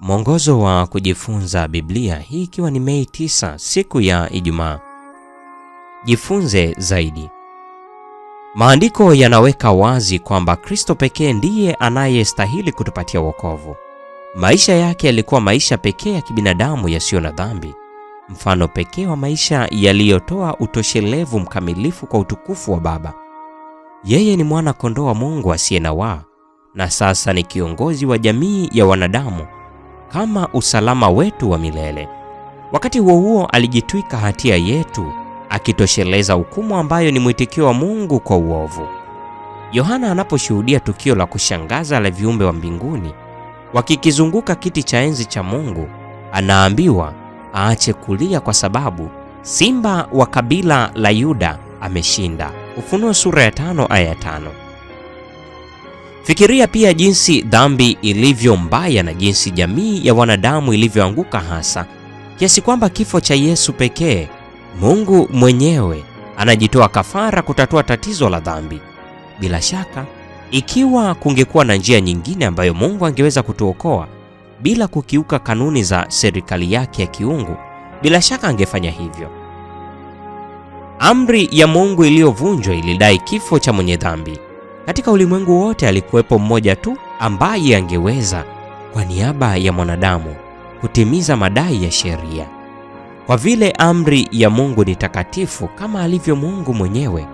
Mwongozo wa kujifunza Biblia, hii ikiwa ni Mei 9, siku ya Ijumaa. Jifunze zaidi. Maandiko yanaweka wazi kwamba Kristo pekee ndiye anayestahili kutupatia wokovu. Maisha yake yalikuwa maisha pekee ya kibinadamu yasiyo na dhambi, mfano pekee wa maisha yaliyotoa utoshelevu mkamilifu kwa utukufu wa Baba. Yeye ni mwana kondoo wa Mungu asiye na waa, na sasa ni kiongozi wa jamii ya wanadamu kama usalama wetu wa milele. Wakati huo huo, alijitwika hatia yetu, akitosheleza hukumu ambayo ni mwitikio wa Mungu kwa uovu. Yohana anaposhuhudia tukio la kushangaza la viumbe wa mbinguni wakikizunguka kiti cha enzi cha Mungu, anaambiwa aache kulia kwa sababu simba wa kabila la Yuda ameshinda. Ufunuo sura ya tano aya ya 5. Fikiria pia jinsi dhambi ilivyo mbaya na jinsi jamii ya wanadamu ilivyoanguka, hasa kiasi kwamba kifo cha Yesu pekee, Mungu mwenyewe anajitoa kafara kutatua tatizo la dhambi. Bila shaka, ikiwa kungekuwa na njia nyingine ambayo Mungu angeweza kutuokoa bila kukiuka kanuni za serikali yake ya kiungu, bila shaka angefanya hivyo. Amri ya Mungu iliyovunjwa ilidai kifo cha mwenye dhambi. Katika ulimwengu wote alikuwepo mmoja tu ambaye angeweza kwa niaba ya mwanadamu kutimiza madai ya sheria. Kwa vile amri ya Mungu ni takatifu kama alivyo Mungu mwenyewe,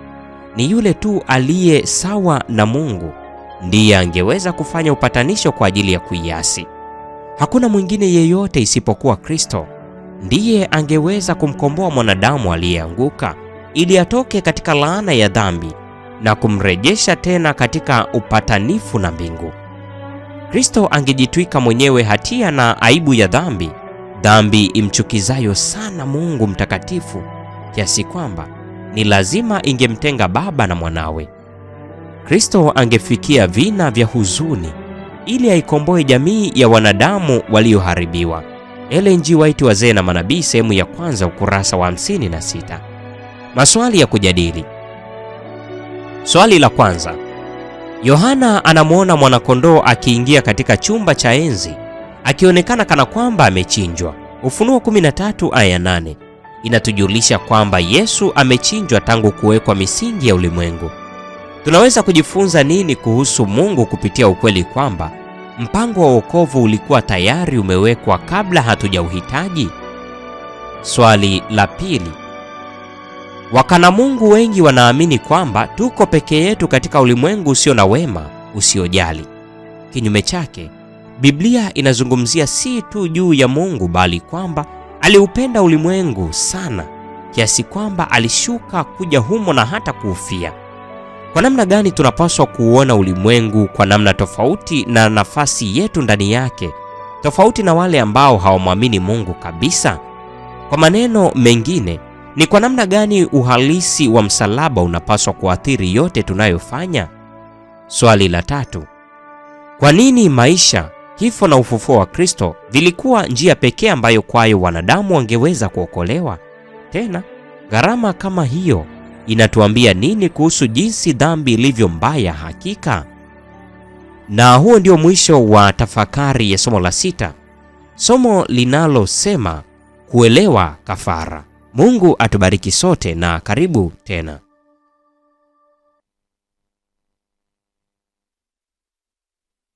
ni yule tu aliye sawa na Mungu ndiye angeweza kufanya upatanisho kwa ajili ya kuiasi. Hakuna mwingine yeyote isipokuwa Kristo ndiye angeweza kumkomboa mwanadamu aliyeanguka ili atoke katika laana ya dhambi na kumrejesha tena katika upatanifu na mbingu. Kristo angejitwika mwenyewe hatia na aibu ya dhambi, dhambi imchukizayo sana Mungu mtakatifu kiasi kwamba ni lazima ingemtenga Baba na Mwanawe. Kristo angefikia vina vya huzuni ili aikomboe jamii ya wanadamu walioharibiwa. Ellen G. White, Wazee na Manabii, sehemu ya kwanza, ukurasa wa 56. Maswali ya kujadili. Swali la kwanza, Yohana anamwona mwanakondoo akiingia katika chumba cha enzi akionekana kana kwamba amechinjwa. Ufunuo 13 aya 8 inatujulisha kwamba Yesu amechinjwa tangu kuwekwa misingi ya ulimwengu. Tunaweza kujifunza nini kuhusu Mungu kupitia ukweli kwamba mpango wa wokovu ulikuwa tayari umewekwa kabla hatujauhitaji? Swali la pili, wakana mungu wengi wanaamini kwamba tuko peke yetu katika ulimwengu usio na wema usiojali. Kinyume chake, Biblia inazungumzia si tu juu ya Mungu bali kwamba aliupenda ulimwengu sana kiasi kwamba alishuka kuja humo na hata kuufia. Kwa namna gani tunapaswa kuuona ulimwengu kwa namna tofauti na nafasi yetu ndani yake, tofauti na wale ambao hawamwamini Mungu kabisa? Kwa maneno mengine ni kwa namna gani uhalisi wa msalaba unapaswa kuathiri yote tunayofanya? Swali la tatu, kwa nini maisha, kifo na ufufuo wa Kristo vilikuwa njia pekee ambayo kwayo wanadamu wangeweza kuokolewa? Tena gharama kama hiyo inatuambia nini kuhusu jinsi dhambi ilivyo mbaya hakika? Na huo ndio mwisho wa tafakari ya somo la sita, somo linalosema kuelewa kafara. Mungu atubariki sote na karibu tena.